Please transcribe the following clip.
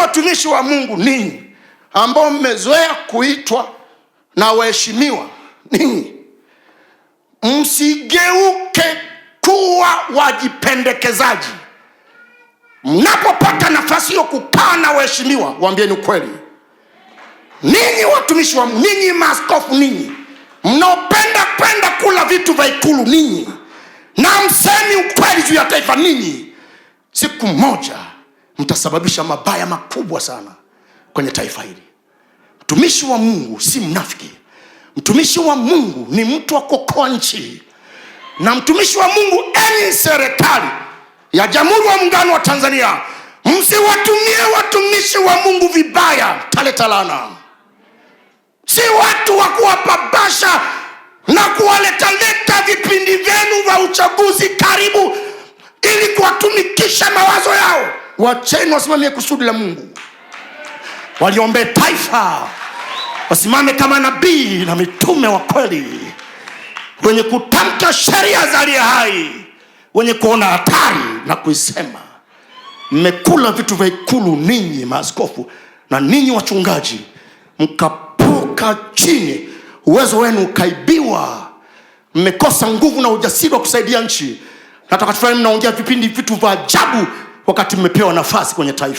watumishi wa Mungu ninyi ambao mmezoea kuitwa na waheshimiwa ninyi, msigeuke kuwa wajipendekezaji. Mnapopata nafasi hiyo kukaa na waheshimiwa, waambieni ukweli. Ninyi watumishi wa Mungu, ninyi maaskofu, ninyi mnaopenda kwenda kula vitu vya Ikulu, ninyi na msemi ukweli juu ya taifa, ninyi siku moja mtasababisha mabaya makubwa sana kwenye taifa hili. Mtumishi wa Mungu si mnafiki. Mtumishi wa Mungu ni mtu wa kuokoa nchi, na mtumishi wa Mungu, eni serikali ya Jamhuri wa Muungano wa Tanzania, msiwatumie watumishi wa Mungu vibaya, taletalana Si watu wa kuwapabasha na kuwaletaleta vipindi vyenu vya uchaguzi karibu, ili kuwatumikisha mawazo Wacheni wasimamie kusudi la Mungu, waliombee taifa, wasimame kama nabii na mitume wa kweli, wenye kutamka sheria za aliye hai, wenye kuona hatari na kuisema. Mmekula vitu vya ikulu, ninyi maaskofu na ninyi wachungaji, mkapuka chini, uwezo wenu ukaibiwa. Mmekosa nguvu na ujasiri wa kusaidia nchi, na wakati mnaongea vipindi vitu vya ajabu wakati mmepewa nafasi kwenye taifa.